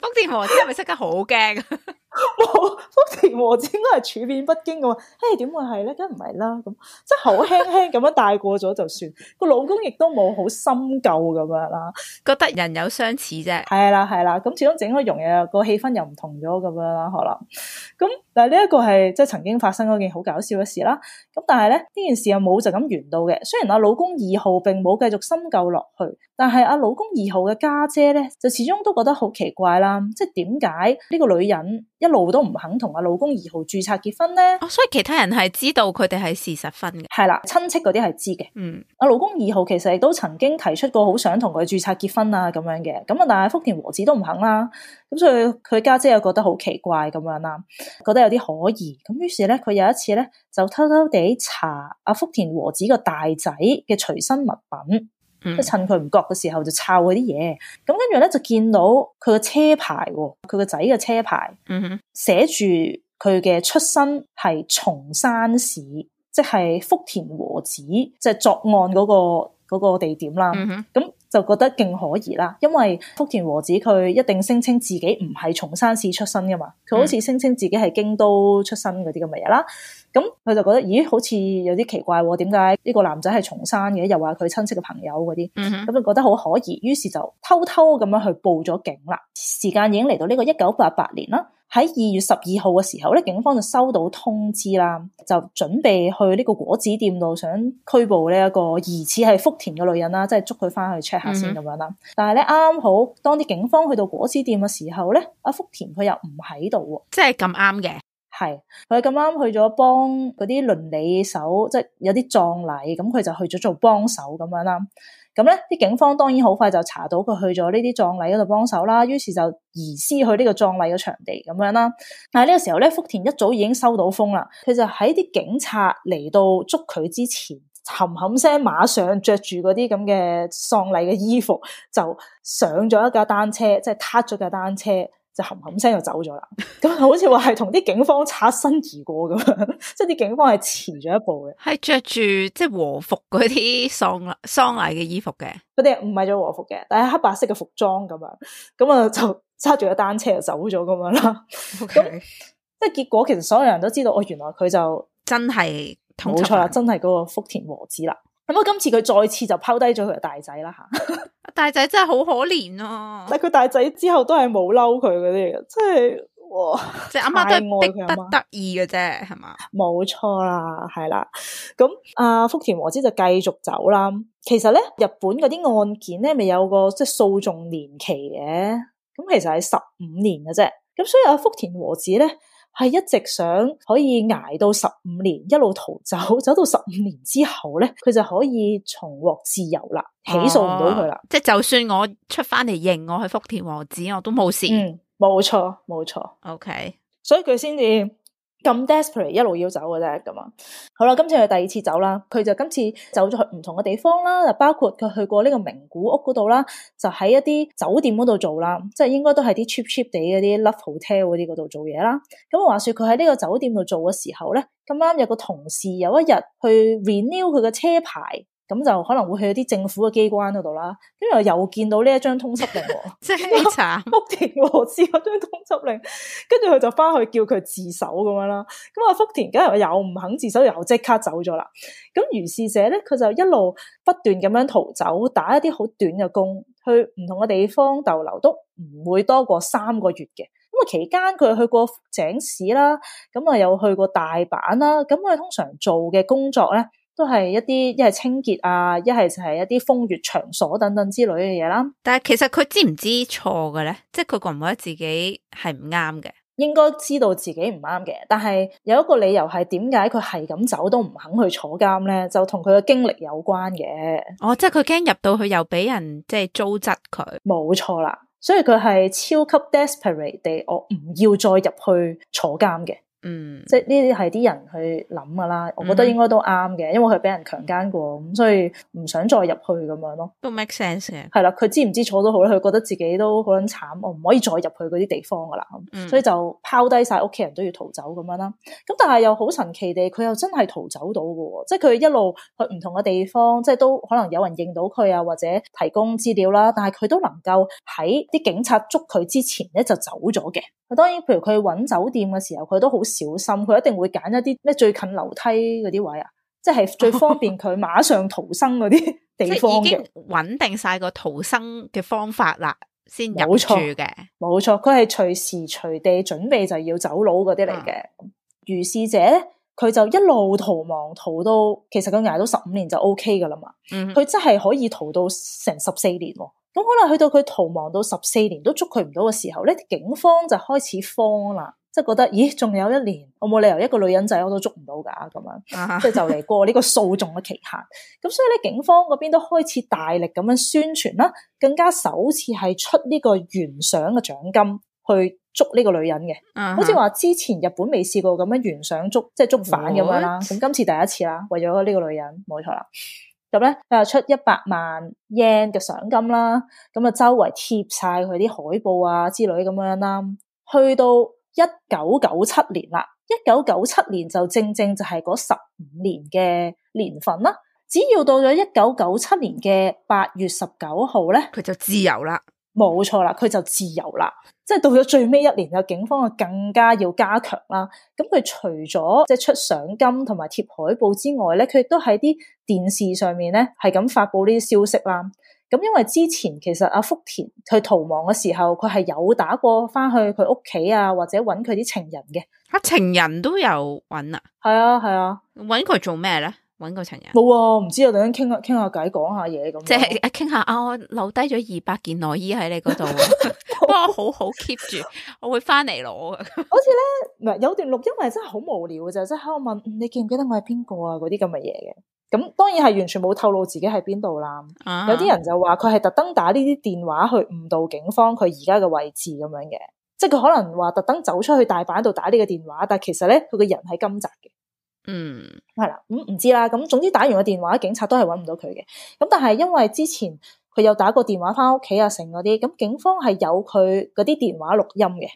福田和子係咪即刻好驚啊？冇，福田和子應該係處變不驚噶嘛？誒，點會係咧？梗唔係啦，咁即係好輕輕咁樣帶過咗就算。個老公亦都冇好深究咁樣啦，覺得人有相似啫。係啦，係啦，咁始終整個容嘢，個氣氛又唔同咗咁樣啦，可能。咁嗱，呢一個係即係曾經發生嗰件好搞笑嘅事啦。咁但係咧，呢件事又冇就咁完到嘅。雖然阿老公二號並冇繼續深究落去，但係。阿老公二號嘅家姐咧，就始終都覺得好奇怪啦，即係點解呢個女人一路都唔肯同阿老公二號注冊結婚咧，哦？所以其他人係知道佢哋係事實婚嘅，係啦，親戚嗰啲係知嘅。嗯，阿老公二號其實亦都曾經提出過好想同佢注冊結婚啊，咁樣嘅。咁啊，但係福田和子都唔肯啦，啊。咁所以佢家姐又覺得好奇怪咁樣啦，覺得有啲可疑。咁於是咧，佢有一次咧就偷偷地查阿福田和子個大仔嘅隨身物品。即係趁佢唔覺嘅時候就抄佢啲嘢，咁跟住咧就見到佢嘅車牌，佢個仔嘅車牌，嗯、哼寫住佢嘅出身係松山市，即係福田和子，即、就、係、是、作案嗰、嗰個嗰、嗰個地點啦。咁、嗯、哼就覺得勁可疑啦，因為福田和子佢一定聲稱自己唔係松山市出身噶嘛，佢好似聲稱自己係京都出身嗰啲咁嘅嘢啦。嗯嗯咁佢就覺得，咦，好似有啲奇怪喎，啊？點解呢個男仔係重生嘅，又話佢親戚嘅朋友嗰啲，咁、嗯、哼就覺得好可疑。於是就偷偷咁樣去報咗警啦。時間已經嚟到呢個一九八八年啦。喺二月十二號嘅時候咧，警方就收到通知啦，就準備去呢個果子店度想拘捕呢一個疑似係福田嘅女人啦，即係捉佢翻去 check 下先咁樣啦。嗯、哼但係咧啱好，當啲警方去到果子店嘅時候咧，阿福田佢又唔喺度喎，即係咁啱嘅。係佢咁啱去咗幫嗰啲鄰里手，即係有啲葬禮，咁佢就去咗做幫手咁樣啦。咁咧，啲警方當然好快就查到佢去咗呢啲葬禮嗰度幫手啦。於是就移師去呢個葬禮嘅場地咁樣啦。但係呢個時候咧，福田一早已經收到風啦。其實喺啲警察嚟到捉佢之前，冚冚聲馬上着住嗰啲咁嘅喪禮嘅衣服，就上咗一架單車，即係撻咗架單車。就冚冚聲就走咗啦，咁好似話係同啲警方擦身而過咁樣，即係啲警方係遲咗一步嘅，係着住即係和服嗰啲喪喪禮嘅衣服嘅，嗰啲唔係着和服嘅，但係黑白色嘅服裝咁樣，咁啊就揸住個單車就走咗咁樣啦。咁即係結果，其實所有人都知道，我、哦、原來佢就真係冇錯啦，真係嗰個福田和子啦。咁啊！今次佢再次就拋低咗佢大仔啦吓，大仔真係好可憐啊，但係佢大仔之後都係冇嬲佢嗰啲，真係哇！即係啱啱得意嘅啫，係嘛？冇錯啦，係啦。咁阿、啊、福田和子就繼續走啦。其實咧，日本嗰啲案件咧，咪有個即係訴訟年期嘅。咁其實係十五年嘅啫。咁所以阿、啊、福田和子咧。係一直想可以挨到十五年，一路逃走，走到十五年之後咧，佢就可以重獲自由啦，起訴唔到佢啦。即係就算我出翻嚟認，我去福田和子，我都冇事。嗯，冇錯冇錯。OK，所以佢先至。咁 desperate 一路要走嘅啫，咁啊，好啦，今次係第二次走啦，佢就今次走咗去唔同嘅地方啦，嗱，包括佢去過呢個名古屋嗰度啦，就喺一啲酒店嗰度做啦，即係應該都係啲 che cheap cheap 地嗰啲 love hotel 嗰啲嗰度做嘢啦。咁話說佢喺呢個酒店度做嘅時候咧，咁啱有個同事有一日去 renew 佢嘅車牌。咁就可能會去啲政府嘅機關嗰度啦，跟住又見到呢一張通緝令，即係 [laughs] 慘 [laughs] 福田和子嗰張通緝令，跟住佢就翻去叫佢自首咁樣啦。咁啊，福田梗係又唔肯自首，又即刻走咗啦。咁如是者咧，佢就一路不斷咁樣逃走，打一啲好短嘅工，去唔同嘅地方逗留，都唔會多過三個月嘅。咁啊，期間佢去過福井市啦，咁啊，又去過大阪啦。咁佢通常做嘅工作咧，都係一啲一係清潔啊，一係就係一啲風月場所等等之類嘅嘢啦。但係其實佢知唔知錯嘅咧？即係佢覺唔覺得自己係唔啱嘅？應該知道自己唔啱嘅。但係有一個理由係點解佢係咁走都唔肯去坐監咧？就同佢嘅經歷有關嘅。哦，即係佢驚入到去又俾人即係糟質佢。冇錯啦，所以佢係超級 desperate 地，我唔要再入去坐監嘅。嗯，即係呢啲係啲人去諗噶啦，我覺得應該都啱嘅，嗯、因為佢俾人強姦過，咁所以唔想再入去咁樣咯。都 make sense 嘅，係啦。佢知唔知錯都好啦，佢覺得自己都好撚慘，我唔可以再入去嗰啲地方噶啦，嗯、所以就拋低晒屋企人都要逃走咁樣啦。咁但係又好神奇地，佢又真係逃走到嘅，即係佢一路去唔同嘅地方，即係都可能有人認到佢啊，或者提供資料啦。但係佢都能夠喺啲警察捉佢之前咧就走咗嘅。佢當然，譬如佢搵酒店嘅時候，佢都好。小心，佢一定會揀一啲咩最近樓梯嗰啲位啊，即係最方便佢馬上逃生嗰啲地方 [laughs] 已經穩定晒個逃生嘅方法啦，先入住嘅。冇錯，佢係隨時隨地準備就要走佬嗰啲嚟嘅。嗯、如是者咧，佢就一路逃亡逃到，其實佢挨到十五年就 O K 噶啦嘛。佢、嗯、哼真係可以逃到成十四年，咁可能去到佢逃亡到十四年都捉佢唔到嘅時候咧，警方就開始慌啦。即係覺得，咦？仲有一年，我冇理由一個女人仔我都捉唔到㗎咁樣，即係、uh huh. 就嚟過呢個訴訟嘅期限。咁所以咧，警方嗰邊都開始大力咁樣宣傳啦，更加首次係出呢個懸賞嘅獎金去捉呢個女人嘅，uh huh. 好似話之前日本未試過咁樣懸賞捉，即係捉犯咁樣啦。咁今 What? 次第一次啦，為咗呢個女人，冇錯啦。咁咧又出一百萬日圓嘅賞金啦，咁啊周圍貼晒佢啲海報啊之類咁樣啦，去到。一九九七年啦，一九九七年就正正就係嗰十五年嘅年份啦。只要到咗一九九七年嘅八月十九號咧，佢就自由啦。冇錯啦，佢就自由啦。即係到咗最尾一年，就警方啊更加要加強啦。咁佢除咗即係出賞金同埋貼海報之外咧，佢亦都喺啲電視上面咧係咁發佈呢啲消息啦。咁因為之前其實阿、啊、福田去逃亡嘅時候，佢係有打過翻去佢屋企啊，或者揾佢啲情人嘅。啊，情人都有揾啊？係啊係啊，揾佢、啊、做咩咧？揾個情人？冇啊，唔知啊，等陣傾下傾下偈，講下嘢咁。即係傾下啊，留低咗二百件內衣喺你嗰度，幫我、 [laughs] 哦、好好 keep 住，我會翻嚟攞啊。 [laughs] [laughs] 好似咧，唔係有段錄音，係真係好無聊嘅，就即係喺度問、嗯、你記唔記得我係邊個啊？嗰啲咁嘅嘢嘅。咁當然係完全冇透露自己喺邊度啦。啊、有啲人就話佢係特登打呢啲電話去誤導警方佢而家嘅位置咁樣嘅，即係佢可能話特登走出去大阪度打呢個電話，但其實咧佢個人係金澤嘅、嗯。嗯，係啦，咁唔知啦。咁總之打完個電話，警察都係揾唔到佢嘅。咁但係因為之前佢有打過電話翻屋企啊，成嗰啲，咁警方係有佢嗰啲電話錄音嘅。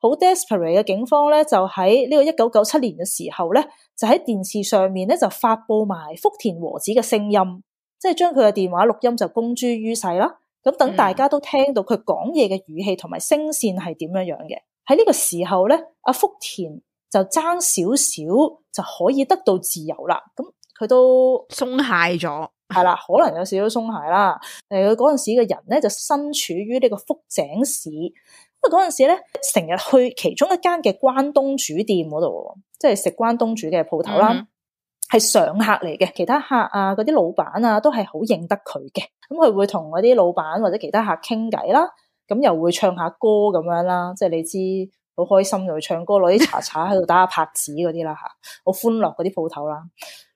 好 desperate 嘅警方咧，就喺呢個一九九七年嘅時候咧。就喺電視上面咧，就發佈埋福田和子嘅聲音，即係將佢嘅電話錄音就公諸於世啦。咁等大家都聽到佢講嘢嘅語氣同埋聲線係點樣樣嘅。喺呢個時候咧，阿福田就爭少少就可以得到自由啦。咁佢都鬆懈咗，係啦，可能有少少鬆懈啦。誒，佢嗰陣時嘅人咧就身處於呢個福井市。嗰陣時咧，成日去其中一間嘅關東煮店嗰度，即係食關東煮嘅鋪頭啦，係常客嚟嘅。mm hmm.。其他客啊，嗰啲老闆啊，都係好認得佢嘅。咁佢會同嗰啲老闆或者其他客傾偈啦，咁又會唱下歌咁樣啦，即係你知好開心又去唱歌，攞啲茶茶喺度打下拍子嗰啲啦吓，好 [laughs] 歡樂嗰啲鋪頭啦。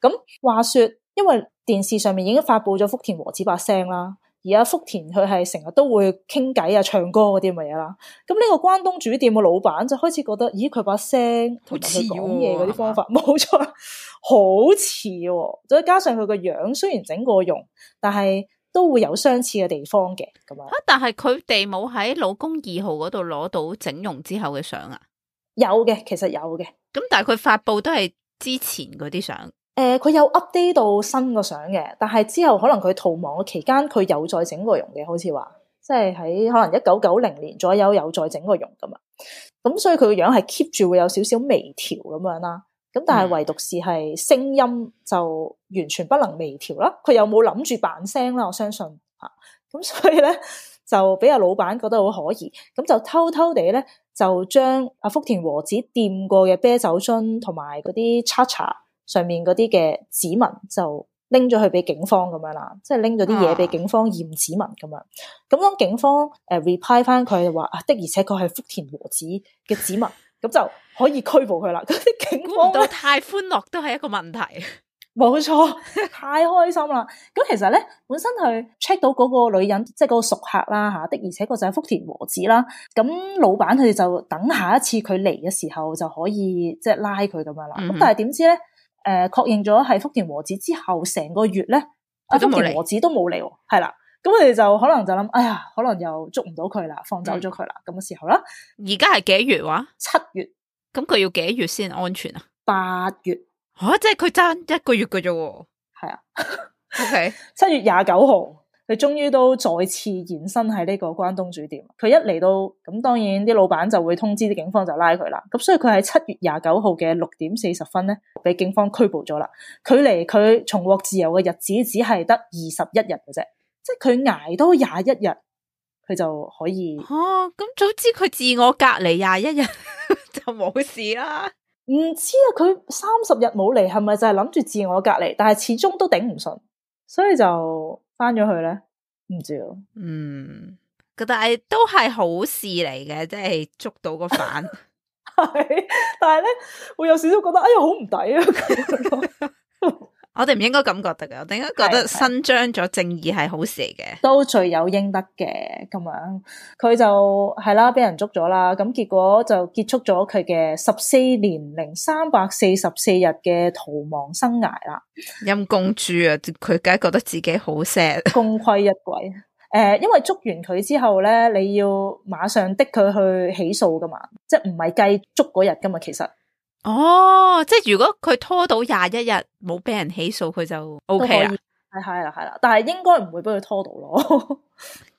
咁話說，因為電視上面已經發布咗福田和子把聲啦。而家福田佢係成日都會傾偈啊、唱歌嗰啲咁嘅嘢啦。咁呢個關東煮店嘅老闆就開始覺得，咦佢把聲好似喎，同佢講嘢嗰啲方法冇錯，好似喎、哦。再冇錯、係吧、哦、加上佢個樣雖然整過容，但係都會有相似嘅地方嘅。咁樣啊，但係佢哋冇喺老公二號嗰度攞到整容之後嘅相啊？有嘅，其實有嘅。咁但係佢發佈都係之前嗰啲相。誒，佢、呃、有 update 到新個相嘅，但係之後可能佢逃亡嘅期間，佢有再整過容嘅，好似話，即係喺可能一九九零年左右有再整過容咁啊。咁所以佢個樣係 keep 住會有少少微調咁樣啦。咁但係唯獨是係聲音就完全不能微調啦。佢、嗯、有冇諗住扮聲啦？我相信嚇。咁所以咧就畀阿老闆覺得好可疑。咁就偷偷地咧就將阿福田和子掂過嘅啤酒樽同埋嗰啲叉叉。上面嗰啲嘅指紋就拎咗去俾警方咁樣啦，即係拎咗啲嘢俾警方驗指紋咁樣。咁、啊、當警方誒 reply 翻佢話的而且確係福田和子嘅指紋，咁 [laughs] 就可以拘捕佢啦。嗰啲警方太歡樂都係一個問題，冇 [laughs] 錯，太開心啦。咁其實咧，本身佢 check 到嗰個女人即係嗰個熟客啦的而且確就係福田和子啦。咁老闆佢哋就等下一次佢嚟嘅時候就可以即係拉佢咁樣啦。咁、嗯、哼但係點知咧？誒，確認咗係福田和子之後，成個月咧，阿福田和子都冇嚟，係啦，咁我哋就可能就諗，哎呀，可能又捉唔到佢啦，放走咗佢啦，咁嘅、嗯、時候啦。而家係幾月話？七月，咁佢要幾月先安全啊？八月，吓、啊，即係佢爭一個月㗎啫，係啊，O Okay . K， [laughs] 七月廿九號。佢終於都再次現身喺呢個關東煮店。佢一嚟到，咁當然啲老闆就會通知啲警方就拉佢啦。咁所以佢喺七月廿九號嘅六點四十分咧，俾警方拘捕咗啦。距離佢重獲自由嘅日子，只係得二十一日嘅啫。即係佢捱多廿一日，佢就可以。哦，咁早知佢自我隔離廿一日 [laughs] 就冇事啦。唔知啊，佢三十日冇嚟，係咪就係諗住自我隔離？但係始終都頂唔順，所以就。翻咗去呢，唔知咯。嗯，但係都係好事嚟嘅，即係捉到個犯。 [laughs] 但係呢，我有少少覺得，哎呀，好唔抵啊！ [laughs] [laughs] 我哋唔應該咁覺得噶，我哋應該覺得伸張咗正義係好事嚟嘅。都罪有應得嘅咁樣，佢就係啦，俾人捉咗啦，咁結果就結束咗佢嘅十四年零三百四十四日嘅逃亡生涯啦。陰公豬啊，佢梗係覺得自己好 sad 功虧一簣。誒、呃，因為捉完佢之後咧，你要馬上的佢去起訴噶嘛，即係唔係計捉嗰日噶嘛，其實。哦，即係如果佢拖到廿一日冇俾人起訴，佢就 OK 啦，係啦係啦，但係應該唔會俾佢拖到咯。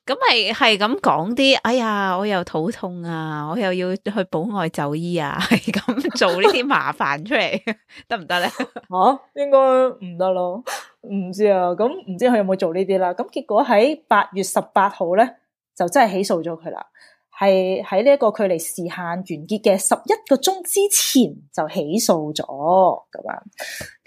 咁咪係咁講啲，哎呀，我又肚痛啊，我又要去保外就醫啊，係咁做呢啲麻煩出嚟，得唔得咧？啊，應該唔得咯，唔知啊。咁唔知佢有冇做呢啲啦。咁結果喺八月十八號咧，就真係起訴咗佢啦。係喺呢一個距離時限完結嘅十一個鐘之前就起訴咗，咁樣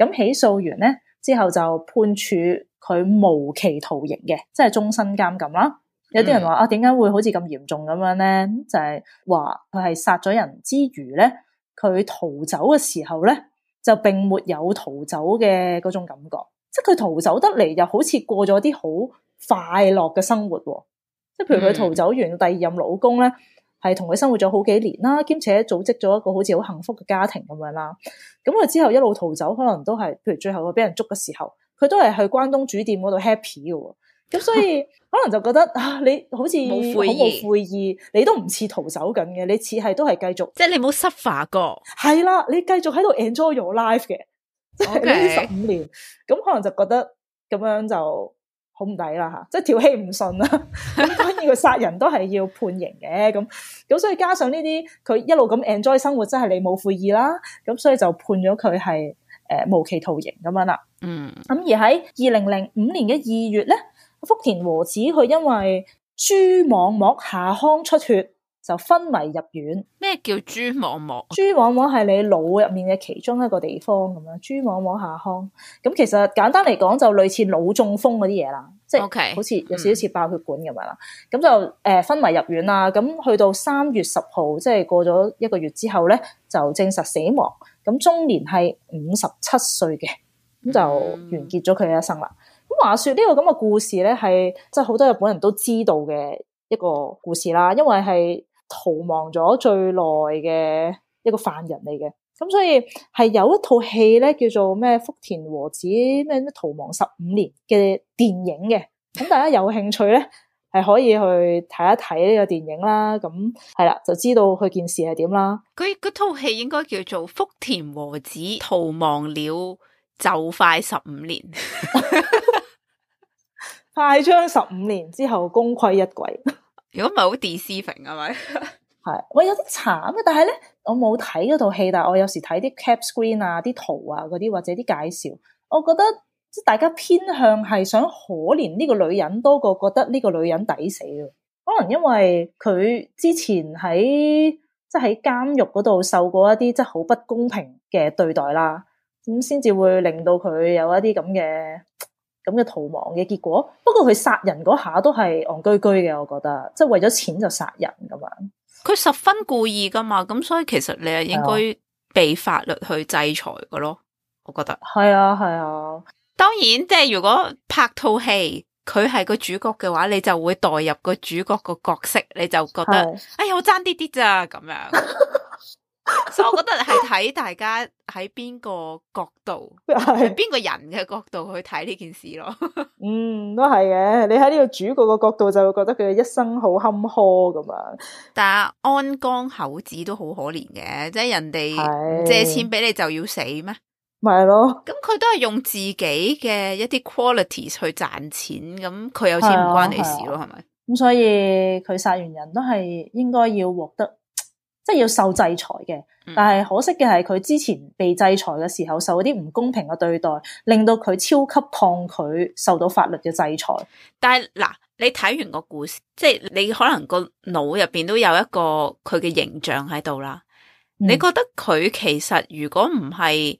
咁起訴完咧之後就判處佢無期徒刑嘅，即係終身監禁啦。有啲人話啊，點解會好似咁嚴重咁樣咧？就係話佢係殺咗人之餘咧，佢逃走嘅時候咧就並沒有逃走嘅嗰種感覺，即係佢逃走得嚟，又好似過咗啲好快樂嘅生活。譬如佢逃走完第二任老公咧，係同佢生活咗好幾年啦，兼且組織咗一個好似好幸福嘅家庭咁樣啦。咁佢之後一路逃走，可能都係譬如最後佢俾人捉嘅時候，佢都係去關東煮店嗰度 happy 嘅。咁所以可能就覺得 [laughs] 啊，你好似冇悔，悔意，你都唔似逃走緊嘅，你似係都係繼續，即係你冇 suffer 過。係啦，你繼續喺度 enjoy your life 嘅，嗰呢十五年，咁可能就覺得咁樣就。好唔抵啦吓，即係條氣唔順啦，所以佢殺人都係要判刑嘅，咁咁所以加上呢啲，佢一路咁 enjoy 生活，真係你冇悔意啦，咁所以就判咗佢係誒無期徒刑咁樣啦。嗯，咁而喺二零零五年嘅二月咧，福田和子佢因為蛛網膜下腔出血。就昏迷入院，咩叫蛛網膜？蛛網膜係你腦入面嘅其中一個地方咁樣，蛛網膜下腔。咁其實簡單嚟講，就類似腦中風嗰啲嘢啦，即係好似有少少似爆血管咁樣啦。咁、嗯、就誒昏迷入院啦。咁去到三月十號，即係過咗一個月之後咧，就證實死亡。咁中年係五十七歲嘅，咁就完結咗佢嘅一生啦。咁、嗯、話說呢個咁嘅故事咧，係即係好多日本人都知道嘅一個故事啦，因為係。逃亡咗最耐嘅一個犯人嚟嘅，咁所以係有一套戲咧，叫做咩福田和子咩逃亡十五年嘅電影嘅，咁大家有興趣咧，係可以去睇一睇呢個電影啦。咁係啦，就知道佢件事係點啦。佢套戲應該叫做福田和子逃亡了，就快十五年，快將十五年之後功虧一簣。如果唔係好 d i s c 係咪？係 [noise] 我有啲慘嘅，但係咧，我冇睇嗰套戲，但係我有時睇啲 cap screen 啊、啲圖啊嗰啲或者啲介紹，我覺得即係大家偏向係想可憐呢個女人多過覺得呢個女人抵死咯。可能因為佢之前喺即係喺監獄嗰度受過一啲即係好不公平嘅對待啦，咁先至會令到佢有一啲咁嘅。咁嘅逃亡嘅結果，不過佢殺人嗰下都係戇居居嘅，我覺得，即係為咗錢就殺人咁樣，佢十分故意噶嘛，咁所以其實你係應該被法律去制裁噶咯，我覺得，係啊係啊，啊當然即係如果拍套戲，佢係個主角嘅話，你就會代入個主角個角色，你就覺得，是哎呀，我爭啲啲咋咁樣。 [laughs] [laughs] 所以我覺得係睇大家喺邊個角度，邊個 [laughs] 人嘅角度去睇呢件事咯 [laughs] 嗯，都係嘅。你喺呢個主角嘅角度就會覺得佢一生好坎坷㗎嘛。但係安江口子都好可憐嘅，即係人哋借錢俾你就要死咩？咪係咯。咁佢都係用自己嘅一啲 qualities 去賺錢，咁佢有錢唔關你事咯，係咪？咁所以佢殺完人都係應該要獲得。即係要受制裁嘅，但係可惜嘅係佢之前被制裁嘅時候受啲唔公平嘅對待，令到佢超級抗拒受到法律嘅制裁。但係嗱，你睇完個故事，即係你可能個腦入邊都有一個佢嘅形象喺度啦。你覺得佢其實如果唔係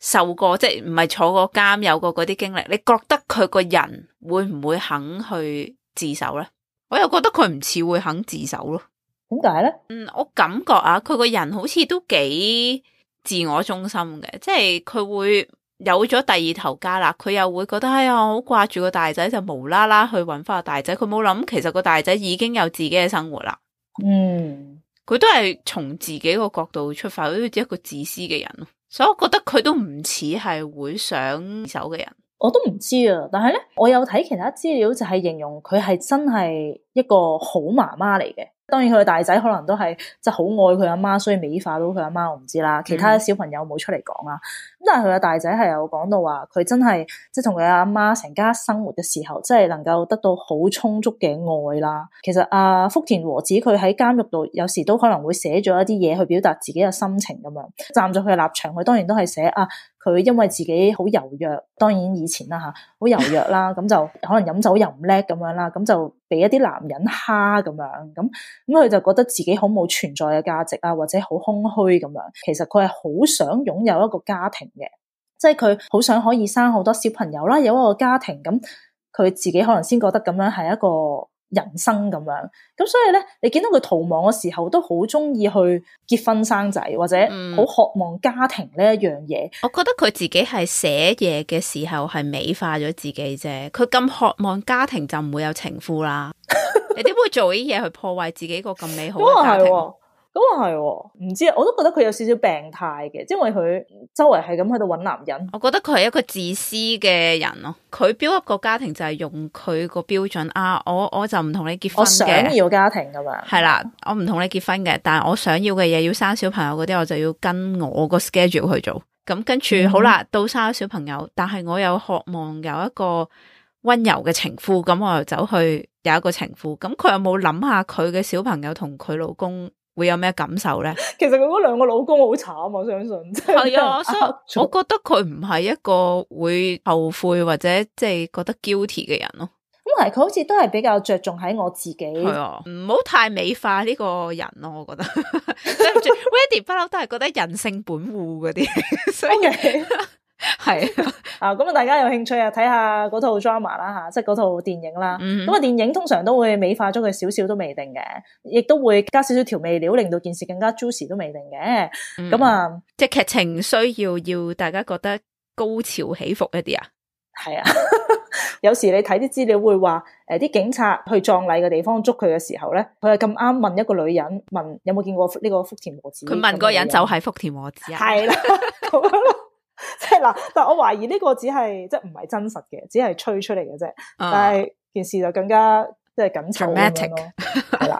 受過即係唔係坐過監、有過嗰啲經歷，你覺得佢個人會唔會肯去自首咧？我又覺得佢唔似會肯自首咯。點解咧嗯，我感覺啊，佢個人好似都幾自我中心嘅，即係佢會有咗第二頭家啦，佢又會覺得哎呀，我好掛住個大仔，就無啦啦去揾翻個大仔，佢冇諗其實個大仔已經有自己嘅生活啦。嗯，佢都係從自己個角度出發，好似一個自私嘅人，所以我覺得佢都唔似係會想走嘅人。我都唔知啊，但係咧，我有睇其他資料就係形容佢係真係一個好媽媽嚟嘅。當然佢個大仔可能都係即係好愛佢阿媽，所以美化到佢阿媽，我唔知啦。其他小朋友冇出嚟講啊。嗯但係佢嘅大仔係有講到話，佢真係即係同佢阿媽成家生活嘅時候，即係能夠得到好充足嘅愛啦。其實阿、啊、福田和子佢喺監獄度有時都可能會寫咗一啲嘢去表達自己嘅心情咁樣，站咗佢嘅立場，佢當然都係寫啊，佢因為自己好柔弱，當然以前啦、啊、嚇，好柔弱啦，咁 [laughs] 就可能飲酒又唔叻咁樣啦，咁就俾一啲男人蝦咁樣，咁咁佢就覺得自己好冇存在嘅價值啊，或者好空虛咁樣。其實佢係好想擁有一個家庭。嘅， [music] 即係佢好想可以生好多小朋友啦，有一個家庭咁，佢自己可能先覺得咁樣係一個人生咁樣，咁所以咧，你見到佢逃亡嘅時候，都好中意去結婚生仔，或者好渴望家庭呢一樣嘢。我覺得佢自己係寫嘢嘅時候係美化咗自己啫，佢咁渴望家庭就唔會有情婦啦。 [laughs] 你點會做啲嘢去破壞自己個咁美好嘅家庭？ [laughs] 都係，喎，唔知啊！我都覺得佢有少少病態嘅，因為佢周圍係咁喺度揾男人。我覺得佢係一個自私嘅人咯。佢標一個家庭就係用佢個標準啊！我我就唔同你結婚嘅，我想要家庭噶嘛。係啦，我唔同你結婚嘅，但我想要嘅嘢要生小朋友嗰啲，我就要跟我個 schedule 去做。咁跟住好啦，到生咗小朋友，但係我有渴望有一個溫柔嘅情夫，咁我又走去有一個情夫。咁佢有冇諗下佢嘅小朋友同佢老公？會有咩感受咧？其實佢嗰兩個老公好慘，啊，我相信。係啊的，我相我覺得佢唔係一個會後悔或者即係覺得 guilty 嘅人咯，啊。咁係佢好似都係比較着重喺我自己。係啊，唔好太美化呢個人咯，啊，我覺得。即 [laughs] 係起 [laughs] ，Wendy 不嬲都係覺得人性本惡嗰啲。 [laughs] 所以。Okay. 係是啊，咁啊，大家有興趣看看 drama, 啊，睇下嗰套 drama 啦吓，即係嗰套電影啦。咁啊、嗯哼，電影通常都會美化咗佢少少都未定嘅，亦都會加少少調味料，令到件事更加 juicy 都未定嘅。咁、嗯、啊，即係劇情需要，要大家覺得高潮起伏一啲啊。係啊，有時你睇啲資料會話，誒、呃，啲警察去葬禮嘅地方捉佢嘅時候咧，佢係咁啱問一個女人，問有冇見過呢個福田和子。佢問嗰人就係福田和子是啊。係啦。即係嗱， [laughs] 但係我懷疑呢個只係即係唔係真實嘅，只係吹出嚟嘅啫。Uh, 但係件事就更加即係緊湊咁樣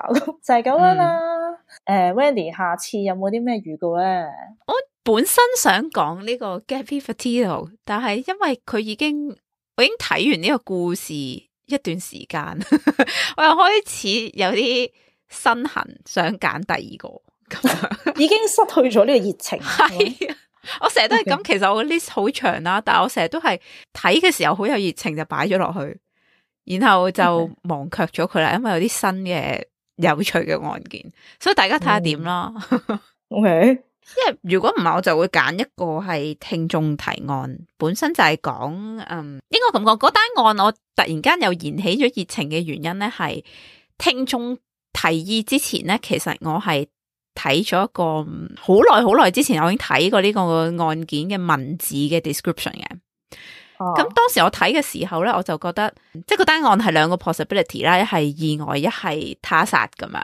咯，就係、是、咁樣啦。誒、嗯 uh,，Wendy，下次有冇啲咩預告咧？我本身想講呢個 Gabby Petito 但係因為佢已經我已經睇完呢個故事一段時間， [laughs] 我又開始有啲身痕，想揀第二個，咁樣 [laughs] 已經失去咗呢個熱情。 [laughs] 是啊 [laughs] 我成日都係咁，Okay. 其實我 list 好長啦，但係我成日都係睇嘅時候好有熱情就擺咗落去，然後就忘卻咗佢啦，因為有啲新嘅有趣嘅案件，所以大家睇下點啦。OK，因為如果唔係我就會揀一個係聽眾提案，本身就係講嗯，應該咁講嗰單案我突然間又燃起咗熱情嘅原因咧，係聽眾提議之前咧，其實我係。睇咗一個好耐好耐之前，我已經睇過呢個案件嘅文字嘅 description 嘅。咁、oh。當時我睇嘅時候咧，我就覺得，即係個單案係兩個 possibility 啦，一係意外，一係他殺咁樣。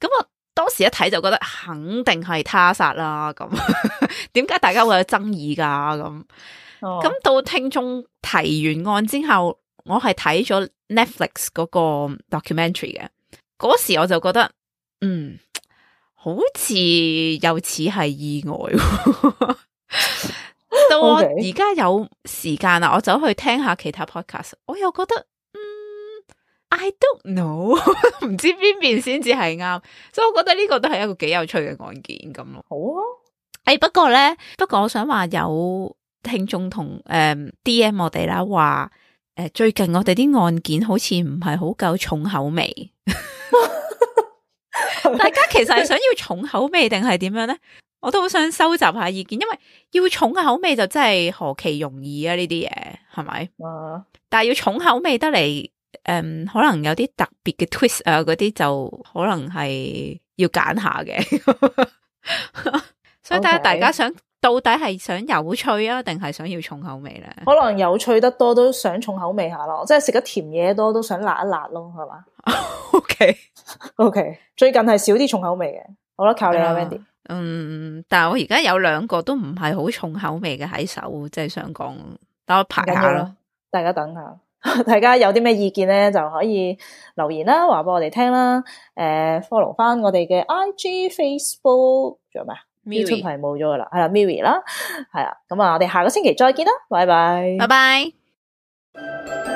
咁我當時一睇就覺得肯定係他殺啦。咁點解大家會有爭議噶、啊？咁咁、oh。到聽眾提完案之後，我係睇咗 Netflix 嗰個 documentary 嘅。嗰時我就覺得，嗯。好似又似係意外， [laughs] 到我而家有時間啦，我走去聽下其他 Podcast，我又覺得，嗯，I don't know，唔 [laughs] 知邊邊先至係啱，所以我覺得呢個都係一個幾有趣嘅案件咁咯。好啊，誒、哎，不過咧，不過我想話有聽眾同誒、嗯、DM 我哋啦，話、嗯、誒最近我哋啲案件好似唔係好夠重口味。 [laughs] [laughs] 大家其實係想要重口味定係點樣呢？我都好想收集下意見，因為要重口味就真係何其容易啊！呢啲嘢係咪？是是哇但係要重口味得嚟，誒、嗯，可能有啲特別嘅 twist 啊、呃，嗰啲就可能係要揀下嘅。所以睇下大家想。到底係想有趣啊，定係想要重口味咧？可能有趣得多都想重口味下咯，即係食得甜嘢多都想辣一辣咯，係嘛？OK OK，最近係少啲重口味嘅，好啦，靠你啦 Wendy 嗯，但係我而家有兩個都唔係好重口味嘅喺手，即係想講，等我排下咯。大家等下，大家有啲咩意見咧，就可以留言啦，話俾我哋聽啦。誒、呃，follow 翻我哋嘅 IG、Facebook，仲有咩啊？YouTube 冇咗噶啦，係啦，Miri 啦，係啊，咁啊，我哋下個星期再見啦，拜拜，拜拜。